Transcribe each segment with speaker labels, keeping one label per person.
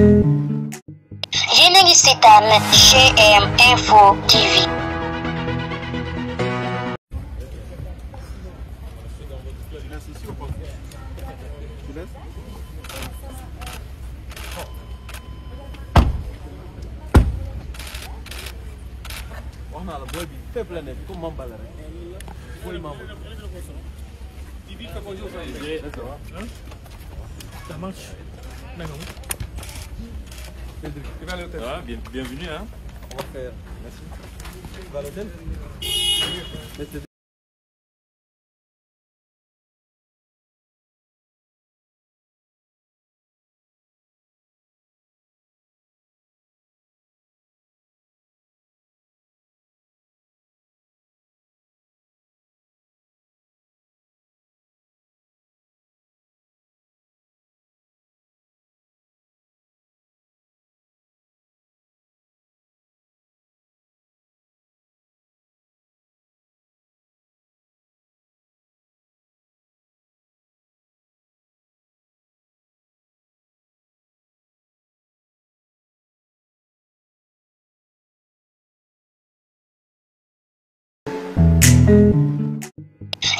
Speaker 1: Винаги сте GM Info TV.
Speaker 2: Olha
Speaker 3: ça marche mais
Speaker 4: Cédric, tu à l'hôtel ah, bien, Bienvenue. Hein. On va faire. Merci.
Speaker 5: Va à l'hôtel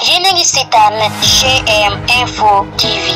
Speaker 5: yéen ngi seetaan GM TV